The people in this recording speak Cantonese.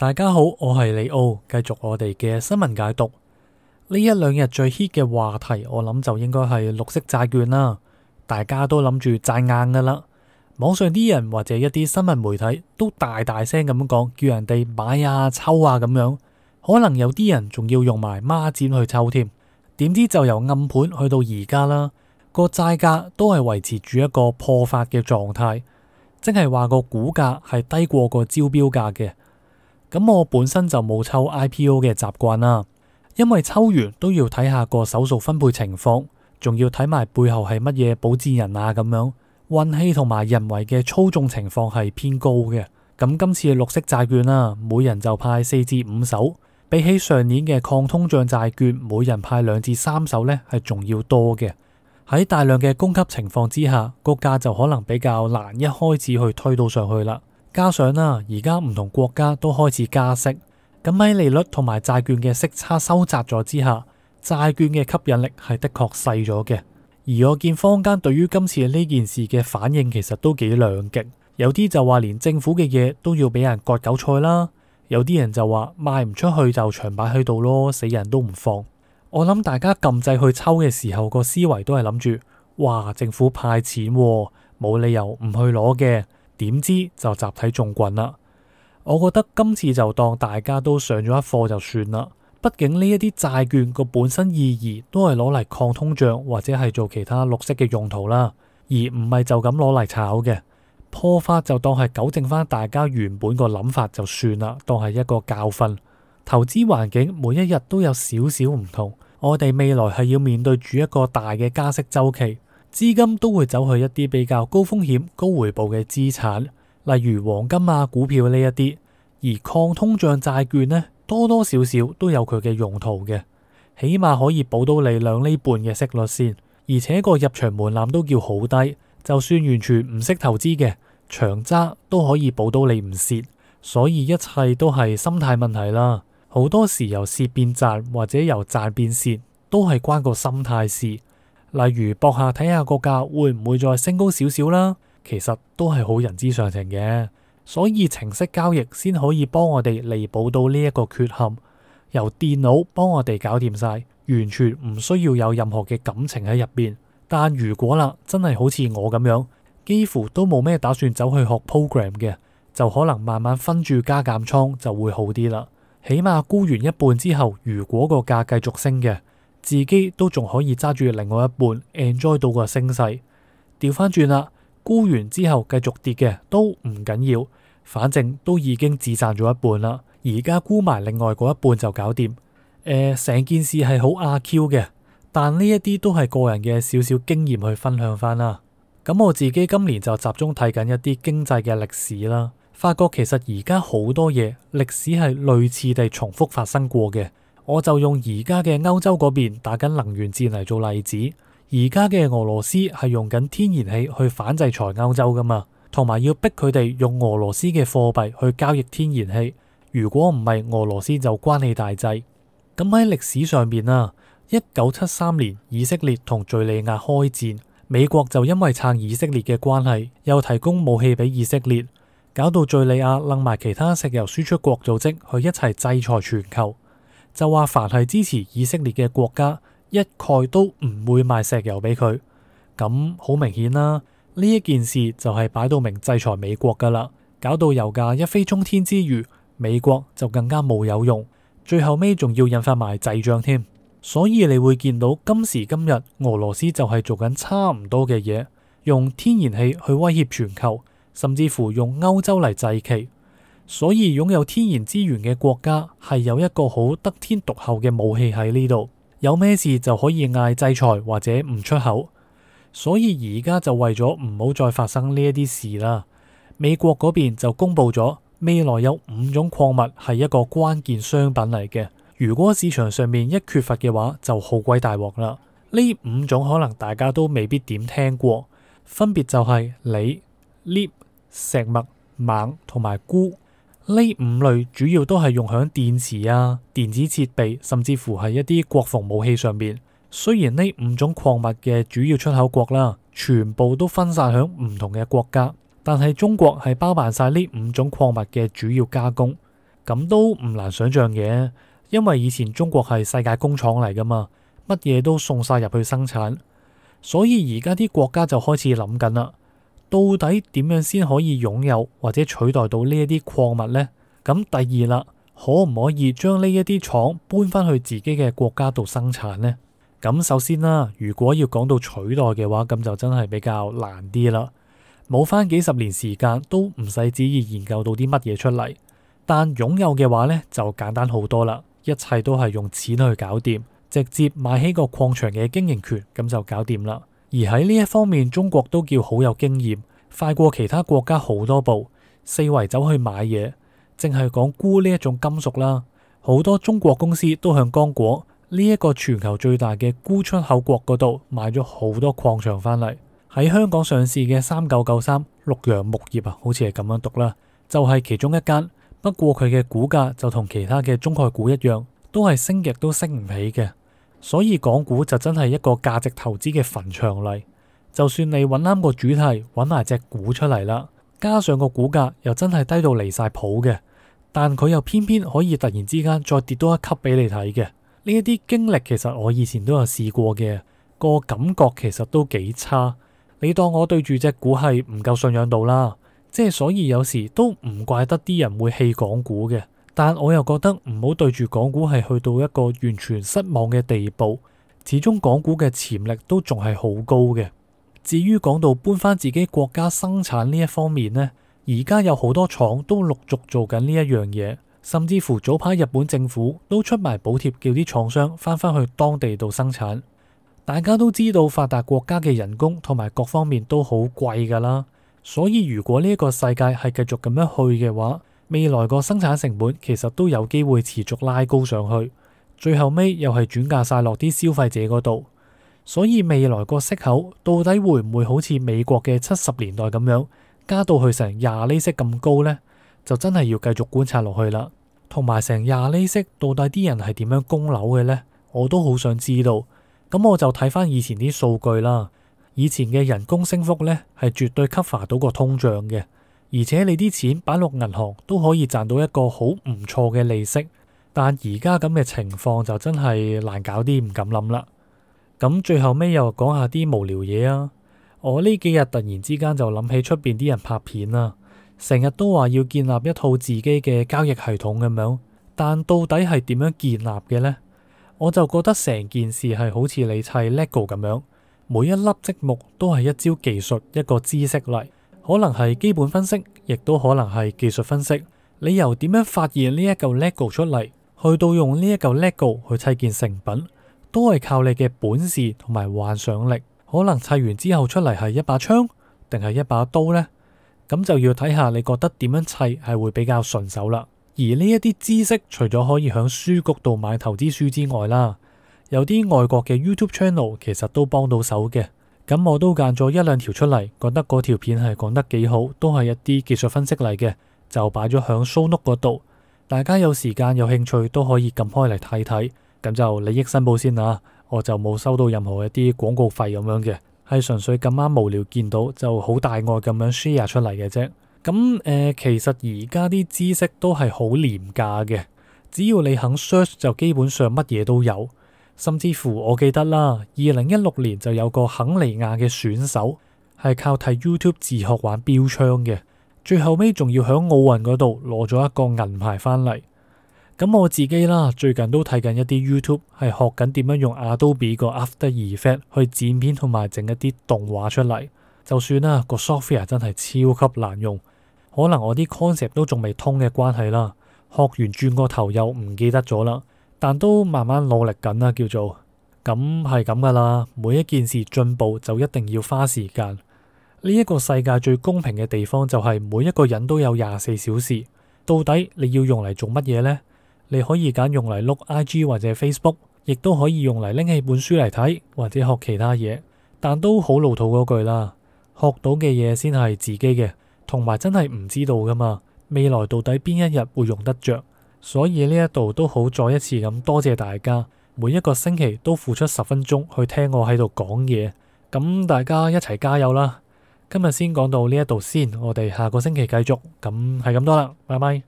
大家好，我係李奧，繼續我哋嘅新聞解讀。呢一兩日最 hit 嘅話題，我諗就應該係綠色債券啦。大家都諗住債硬噶啦，網上啲人或者一啲新聞媒體都大大聲咁講，叫人哋買啊、抽啊咁樣。可能有啲人仲要用埋孖展去抽添，點知就由暗盤去到而家啦。個債價都係維持住一個破發嘅狀態，即係話個股價係低過個招標價嘅。咁我本身就冇抽 IPO 嘅習慣啦，因為抽完都要睇下個手數分配情況，仲要睇埋背後係乜嘢保薦人啊咁樣，運氣同埋人為嘅操縱情況係偏高嘅。咁今次嘅綠色債券啊，每人就派四至五手，比起上年嘅抗通脹債券，每人派兩至三手呢係仲要多嘅。喺大量嘅供給情況之下，個價就可能比較難一開始去推到上去啦。加上啦、啊，而家唔同國家都開始加息，咁喺利率同埋債券嘅息差收窄咗之下，債券嘅吸引力係的確細咗嘅。而我見坊間對於今次呢件事嘅反應其實都幾兩極，有啲就話連政府嘅嘢都要俾人割韭菜啦，有啲人就話賣唔出去就長擺喺度咯，死人都唔放。我諗大家撳掣去抽嘅時候，個思維都係諗住，哇，政府派錢、啊，冇理由唔去攞嘅。點知就集體中棍啦？我覺得今次就當大家都上咗一課就算啦。畢竟呢一啲債券個本身意義都係攞嚟抗通脹或者係做其他綠色嘅用途啦，而唔係就咁攞嚟炒嘅。破發就當係糾正翻大家原本個諗法就算啦，當係一個教訓。投資環境每一日都有少少唔同，我哋未來係要面對住一個大嘅加息周期。資金都會走去一啲比較高風險、高回報嘅資產，例如黃金啊、股票呢一啲。而抗通脹債券呢，多多少少都有佢嘅用途嘅，起碼可以保到你兩厘半嘅息率先，而且個入場門檻都叫好低，就算完全唔識投資嘅，長揸都可以保到你唔蝕。所以一切都係心態問題啦，好多時由蝕變賺或者由賺變蝕，都係關個心態事。例如博下睇下個價會唔會再升高少少啦，其實都係好人之常情嘅，所以程式交易先可以幫我哋彌補到呢一個缺陷，由電腦幫我哋搞掂晒，完全唔需要有任何嘅感情喺入邊。但如果啦，真係好似我咁樣，幾乎都冇咩打算走去學 program 嘅，就可能慢慢分住加減倉就會好啲啦。起碼沽完一半之後，如果個價繼續升嘅，自己都仲可以揸住另外一半，enjoy 到個升勢，調翻轉啦。沽完之後繼續跌嘅都唔緊要，反正都已經只賺咗一半啦，而家沽埋另外嗰一半就搞掂。誒，成件事係好阿 Q 嘅，但呢一啲都係個人嘅少少經驗去分享翻啦。咁我自己今年就集中睇緊一啲經濟嘅歷史啦，發覺其實而家好多嘢歷史係類似地重複發生過嘅。我就用而家嘅歐洲嗰邊打緊能源戰嚟做例子。而家嘅俄羅斯係用緊天然氣去反制裁歐洲㗎嘛，同埋要逼佢哋用俄羅斯嘅貨幣去交易天然氣。如果唔係俄羅斯就關你大掣。咁喺歷史上面啊，一九七三年以色列同敘利亞開戰，美國就因為撐以色列嘅關係，又提供武器俾以色列，搞到敘利亞掕埋其他石油輸出國組織去一齊制裁全球。就話凡係支持以色列嘅國家，一概都唔會賣石油俾佢。咁好明顯啦，呢一件事就係擺到明制裁美國噶啦，搞到油價一飛沖天之餘，美國就更加冇有用，最後尾仲要引發埋滯脹添。所以你會見到今時今日，俄羅斯就係做緊差唔多嘅嘢，用天然氣去威脅全球，甚至乎用歐洲嚟祭旗。所以擁有天然資源嘅國家係有一個好得天獨厚嘅武器喺呢度，有咩事就可以嗌制裁或者唔出口。所以而家就為咗唔好再發生呢一啲事啦。美國嗰邊就公布咗未來有五種礦物係一個關鍵商品嚟嘅，如果市場上面一缺乏嘅話就好鬼大鑊啦。呢五種可能大家都未必點聽過，分別就係鋰、鎳、石墨、錳同埋鈷。呢五類主要都係用響電池啊、電子設備，甚至乎係一啲國防武器上面。雖然呢五種礦物嘅主要出口國啦，全部都分散響唔同嘅國家，但係中國係包辦晒呢五種礦物嘅主要加工，咁都唔難想象嘅。因為以前中國係世界工廠嚟噶嘛，乜嘢都送晒入去生產，所以而家啲國家就開始諗緊啦。到底點樣先可以擁有或者取代到呢一啲礦物呢？咁第二啦，可唔可以將呢一啲廠搬翻去自己嘅國家度生產呢？咁首先啦，如果要講到取代嘅話，咁就真係比較難啲啦，冇翻幾十年時間都唔使旨意研究到啲乜嘢出嚟。但擁有嘅話呢，就簡單好多啦，一切都係用錢去搞掂，直接買起個礦場嘅經營權，咁就搞掂啦。而喺呢一方面，中國都叫好有經驗，快過其他國家好多步。四圍走去買嘢，淨係講鈷呢一種金屬啦，好多中國公司都向剛果呢一、這個全球最大嘅鈷出口國嗰度買咗好多礦場翻嚟。喺香港上市嘅三九九三陸洋木業啊，好似係咁樣讀啦，就係、是、其中一間。不過佢嘅股價就同其他嘅中概股一樣，都係升極都升唔起嘅。所以港股就真係一個價值投資嘅墳場嚟，就算你揾啱個主題，揾埋隻股出嚟啦，加上個股價又真係低到離晒譜嘅，但佢又偏偏可以突然之間再跌到一級俾你睇嘅，呢一啲經歷其實我以前都有試過嘅，個感覺其實都幾差。你當我對住隻股係唔夠信仰度啦，即係所以有時都唔怪得啲人會棄港股嘅。但我又覺得唔好對住港股係去到一個完全失望嘅地步，始終港股嘅潛力都仲係好高嘅。至於講到搬翻自己國家生產呢一方面呢，而家有好多廠都陸續做緊呢一樣嘢，甚至乎早排日本政府都出埋補貼叫啲廠商翻翻去當地度生產。大家都知道發達國家嘅人工同埋各方面都好貴噶啦，所以如果呢一個世界係繼續咁樣去嘅話，未來個生產成本其實都有機會持續拉高上去，最後尾又係轉嫁晒落啲消費者嗰度。所以未來個息口到底會唔會好似美國嘅七十年代咁樣加到去成廿厘息咁高呢？就真係要繼續觀察落去啦。同埋成廿厘息到底啲人係點樣供樓嘅呢？我都好想知道。咁我就睇翻以前啲數據啦。以前嘅人工升幅呢，係絕對 cover 到個通脹嘅。而且你啲錢擺落銀行都可以賺到一個好唔錯嘅利息，但而家咁嘅情況就真係難搞啲，唔敢諗啦。咁最後尾又講下啲無聊嘢啊！我呢幾日突然之間就諗起出邊啲人拍片啊，成日都話要建立一套自己嘅交易系統咁樣，但到底係點樣建立嘅呢？我就覺得成件事係好似你砌 LEGO 咁樣，每一粒積木都係一招技術，一個知識嚟。可能係基本分析，亦都可能係技術分析。你由點樣發現呢一嚿 Lego 出嚟，去到用呢一嚿 Lego 去砌件成品，都係靠你嘅本事同埋幻想力。可能砌完之後出嚟係一把槍，定係一把刀呢？咁就要睇下你覺得點樣砌係會比較順手啦。而呢一啲知識，除咗可以響書局度買投資書之外啦，有啲外國嘅 YouTube channel 其實都幫到手嘅。咁我都揀咗一兩條出嚟，覺得嗰條片係講得幾好，都係一啲技術分析嚟嘅，就擺咗喺 show note 嗰度。大家有時間有興趣都可以撳開嚟睇睇。咁就利益申報先啦，我就冇收到任何一啲廣告費咁樣嘅，係純粹咁啱無聊見到就好大愛咁樣 share 出嚟嘅啫。咁誒、呃，其實而家啲知識都係好廉價嘅，只要你肯 search，就基本上乜嘢都有。甚至乎，我記得啦，二零一六年就有個肯尼亞嘅選手係靠睇 YouTube 自學玩標槍嘅，最後尾仲要響奧運嗰度攞咗一個銀牌翻嚟。咁、嗯、我自己啦，最近都睇緊一啲 YouTube 係學緊點樣用 Adobe 個 After Effects 去剪片同埋整一啲動畫出嚟。就算啦，個 software 真係超級難用，可能我啲 concept 都仲未通嘅關係啦，學完轉個頭又唔記得咗啦。但都慢慢努力緊啦，叫做咁係咁噶啦。每一件事進步就一定要花時間。呢一個世界最公平嘅地方就係每一個人都有廿四小時，到底你要用嚟做乜嘢呢？你可以揀用嚟碌 IG 或者 Facebook，亦都可以用嚟拎起本書嚟睇或者學其他嘢。但都好老土嗰句啦，學到嘅嘢先係自己嘅，同埋真係唔知道噶嘛。未來到底邊一日會用得着？所以呢一度都好，再一次咁多謝大家，每一個星期都付出十分鐘去聽我喺度講嘢，咁大家一齊加油啦！今日先講到呢一度先，我哋下個星期繼續，咁係咁多啦，拜拜。